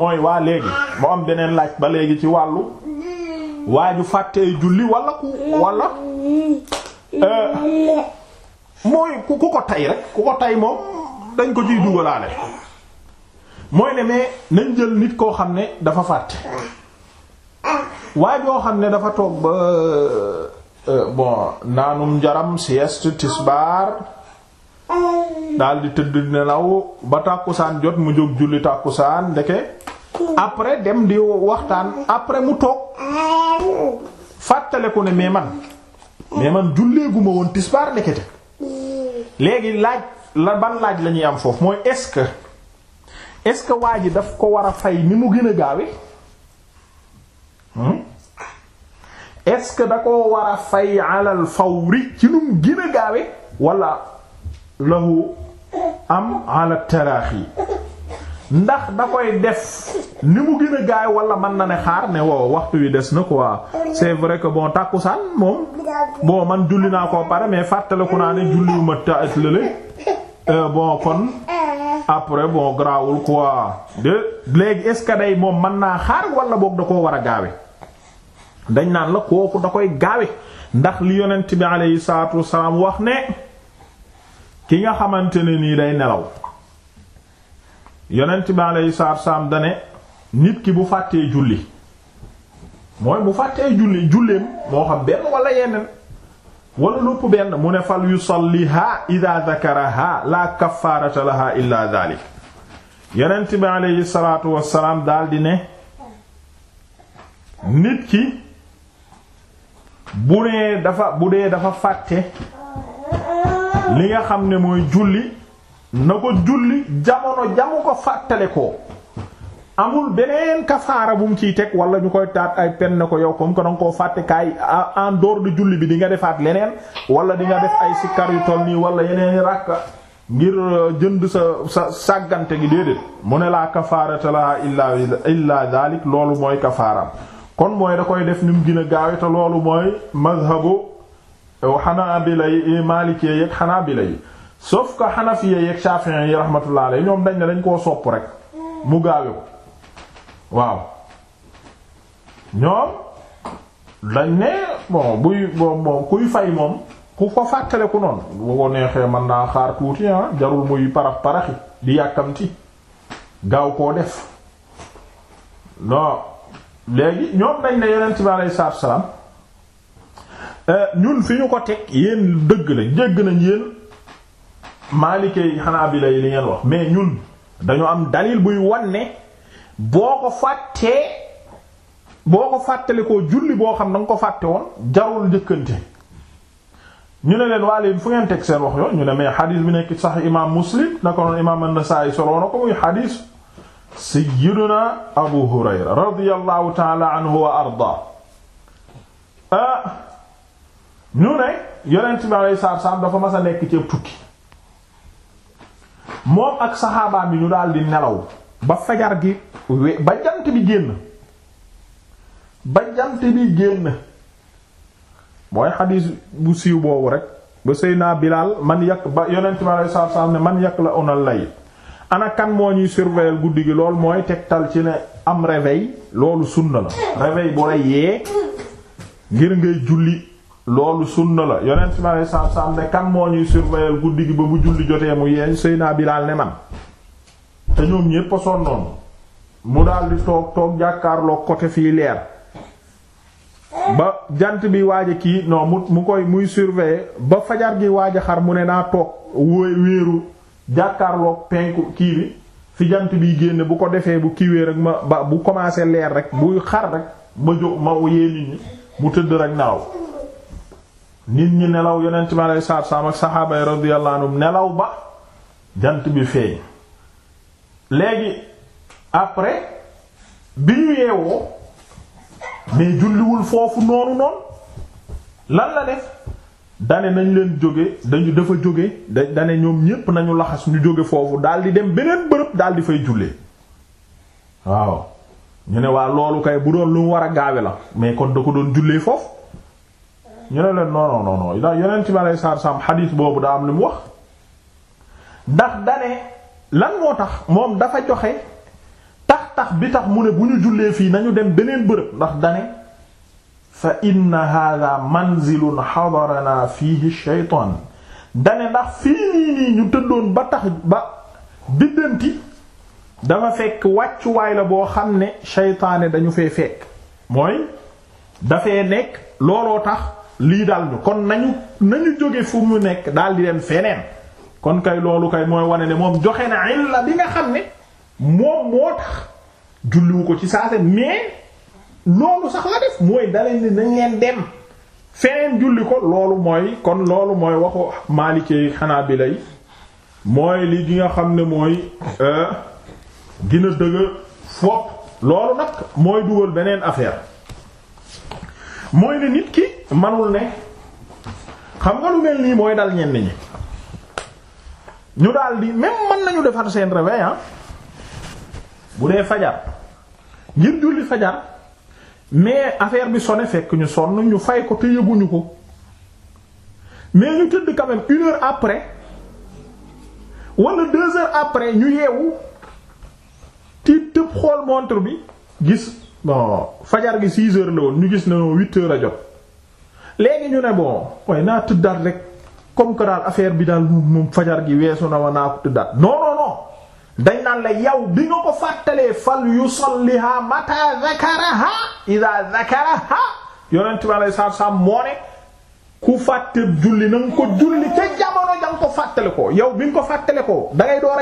mooy waa léegi mu am beneen laaj ba léegi ci wàllu waa ju fàttee julli wala ku wala eh, mooy ku ko tay rek ku ko tay moom dañ ko ciy dugalaale mooy ne nañ jël nit koo xam ne dafa fàtte waa joo xam ne dafa toog ba eh, eh, bon naanum njaram sieste tisbaar daal di tëdd nelaw ba tàkkusaan jot mu jóg julli tàkkusaan ndeke après dem di waxtaan après mu toog ko ne mais man mais man julleeguma woon tisbaar ndekete léegi laaj la ban laaj la ñuy am foofu mooy est-ce que est-ce que waa ji daf ko war a fay ni mu gën a gaawe hmm? est-ce que da ko war a fay alal fawri ci nu mu gën a gaawe walla lahu am ala taraaxi ndax da koy def ni mu gën a gaay wala mën na ne xaar ne wow waxtu wi des na quoi c'est vrai que bon tàkkusaan moom bon man julli naa koo pare mais fàttaliku naa ne julliwuma ta lële euh, bon kon après bon grawul quoi de léegi est-ce que day moom mën naa xaar wala boog da koo war a gaawe dañ naan la kooku da koy gaawe ndax li yonent bi alayhi salaatu wassalaam wax ne ki nga xamante ne nii day nelaw yonent bi alayhi salaatu salaam nit ki bu fàttee julli mooy bu fàttee julli julleem moo xam benn wala yeneen wala lépp benn mu ne fal yusalliha idha dhakaraha la kaffarata laha illa yonent bi alayhi daldi ne nit ki bu nee dafa bu dee dafa fàtte li nga xam ne mooy julli na ko julli jamono jamu ko fàttale ko amul beneen kafaara bu mu ciy teg wala ñu koy taat ay pen ne ko yow comme ko danga koo fàtte kaay en dehors de julli bi di nga defaat leneen wala di nga def ay sikkar nii wala yeneen ràkka ngir euh, jënd sa sa sàggante gi déedéet mu ne laa kafaarata la illa illa dalik loolu mooy kafaaraam kon mooy da koy def ni mu gën loolu mooy mazhabu xanaabila yi eh, maalikee xanaa bila yi sauf que xanafiya yeeg shafi'i yi rahmatullah alayhi ñoom dañ ne dañ koo sopp rek mu gaawe ko waaw ñoom dañ ne bon buy bon bon kuy fay moom ku ko fàttale ku noonu bu ko neexee mën naa xaar tuuti ah jarul muy parax paraxi di yàkkamti gaaw koo def non léegi ñoom dañ ne yonent bi alayhi salaam ñun fi ñu ko teg yéen dëgg la jégg nañ yéen maalikee xanaa bi lay li ngeen wax mais ñun dañu am dalil buy wanne boo ko fàttee boo ko fàttalikoo koo julli boo xam na nga ko fàtte woon jarul njëkkante ñu ne leen waa fu ngeen teg seen wax yoon ñu ne mais xadiis bi nekk sax imaam muslim na ko noonu imaam an-Nasaa'i soloo na ko muy xadiis sayyiduna abu hurayra radiyallahu ta'ala anhu wa ardaa ah, ñu ne yonent bi alayhi salaatu salaam dafa mas a nekk ci tukki moom ak saxaabaam yi ñu daal di nelaw ba fajar gi we ba jant bi génn ba jant bi génn mooy xadiis bu siiw boobu rek ba Seydina Bilaal man yàq ba yonent bi alayhi salaatu salaam ne man yàq la onal lay ana kan moo ñuy surveiller guddi gi loolu mooy tegtal ci ne am réveil loolu sunna la réveil bu yee ngir ngay julli loolu sunna la yonent si ma saam saam ne kan moo ñuy surveiller guddi gi ba bu julli jotee mu yeeñ sëy naa Bilaal ne man te ñoom ñépp sonnoon mu daal di toog toog jàkkaarloo côté fii leer ba jant bi waaj kii non mu mu koy muy surveiller ba fajar gi waaj xar mu ne naa toog wóoy wéeru jàkkaarlook penku kii bi fi jant biy génn bu ko defee bu kiiwee rek ma bu commencé leer rek buy xar rek ma jóg ma yee nit ñi mu tëdd rek naaw. nit ñi nelaw yonent bi aleyhi salaatu salaam ak saxaaba yi radiyallahu anhum nelaw ba jant bi feeñ léegi après bi ñu yeewoo mais julliwul foofu noonu noonu lan la def dane nañ leen jóge dañu dafa jóge da dane ñoom ñépp nañu laxas ñu jóge foofu daldi di dem beneen bërëb daal di fay jullee waaw ñu ne waa loolu kay bu doon lu mu war a gaawe la mais kon da ko doon jullee foofu ñu ne leen non non non ndax yonent bi alayhi salaatu salaam xadiis boobu daa am lu mu wax ndax dane lan moo tax moom dafa joxe tax tax bi tax mu ne bu ñu jullee fii nañu dem beneen bërëb ndax dane fa inna hadha manzilun hadarana fihi shaytaan dane ndax fii nii nii ñu tëddoon ba tax ba biddanti dafa fekk wàccuwaay la boo xam ne shaytaane dañu fee fekk mooy dafee nekk looloo tax lii daal ñu kon nañu nañu jóge fu mu nekk daal di dem feneen kon kay loolu kay mooy wane ne moom joxe na illa bi nga xam ne moom moo tax julliwu ko ci saase mais loolu sax la def mooy daleen ni nañ leen dem feneen julli ko loolu mooy kon loolu mooy waxu maalikee xanaa bi lay mooy li gi nga xam ne mooy euh, gina dëgg fopp loolu nag mooy dugal beneen affaire mooy ne nit ki manul ne xam nga lu mel nii mooy dal ñenn ñi ñu dal di même mën nañu defar seen réveil ah bu dee fajar ngir julli fajar mais affaire bi sone fekk ñu sonn ñu fay ko te yëguñu ko mais ñu tëdd quand une heure après walla deux heures après ñu yeewu tiit tëb xool montre bi gis bon fajar gi six heures la woon ñu gis ne huit heures a jot. léegi ñu ne bon waaye naa tëddaat rek comme que daal affaire bi daal moom fajar gi weesu na wa naa ko tëddaat non non non dañ naan la yow yow bi ko fàttale ko da ngay door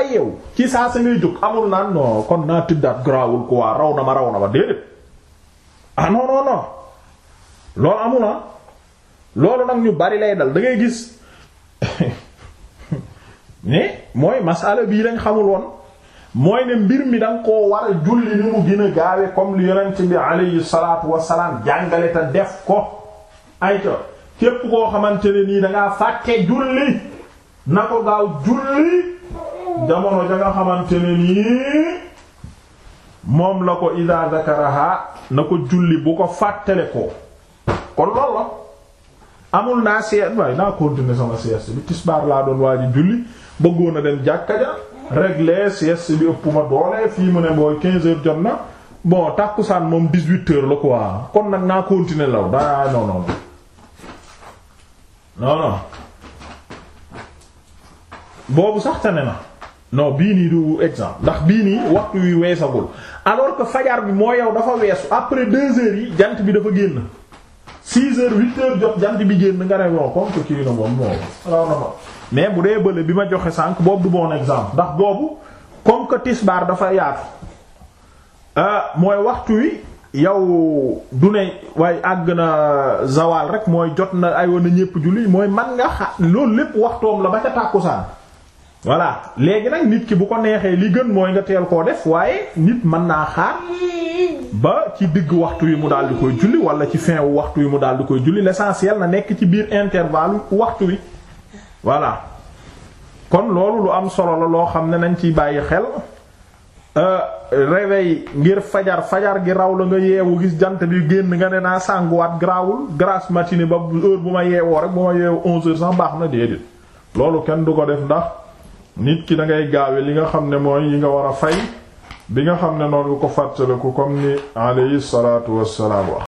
a loolu amul ah. loolu nag ñu bari lay dal dangay gis ne mooy masala bii lañ xamul woon mooy ne mbir mi da nga koo war a julli ni mu gën a gaawe comme li yonent bi alayhi salaatu wasalaam jàngale te def ko ayta képp koo xamante ne nii da ngaa fàtte julli na ko gaaw julli jamono ja xamante ne nii moom la ko ida zakaraha na ko julli bu ko fàttale ko kon loolu amul naa sieste waaye naa continuer sama sieste bi tisbaar laa doon waa ji julli bëggoon a dem jàkka ja régler sieste bi ëpp ma doole fii mu ne booy 15 heures jot na bon tàkkusaan moom 18 heures la ko quoi kon nag naa continuer law daa non non non boobu sax tane na non bii nii du exemple ndax bii nii waxtu wi weesagul alors que fajar bi moo yow dafa weesu après 2 heures yi jant bi dafa génn. six heures huit heures jot jant bi génn nga ne bon comme que kii na moom moom mais bu dee bële bi ma joxe sànq boobu du bon exemple ndax boobu comme que tisbaar dafa yaatu euh, mooy waxtu wi yow du ne waaye àgg na zawaal rek mooy jot na ayoon na ñépp julli mooy man nga xa loolu lépp waxtoom la ba ca tàkkusaan voilà léegi nag nit ki bu ko neexee li gën mooy nga teel koo def waaye nit mën naa xaar ba ci digg waxtu wi mu daal di koy julli wala ci fin wu waxtu wi mu daal di koy julli l'essentiel na nekk ci biir intervalle waxtu wi voilà kon loolu lu am solo la loo xam ne nañ ci bàyyi xel euh, réveil ngir fajar fajar gi raw la nga yeewu gis jant bi génn nga ne naa sànguwaat grawul grasse matinée ba heure bu ma yeewoo rek bu ma yeewu onze heures sax mbaax na déedéet loolu kenn du ko def ndax nit ki da ngay gaawe li nga xam ne mooy yi nga war a fay bi nga xam ne noonu ko fàttaliku comme ni alayhi salaatu wassalaam wax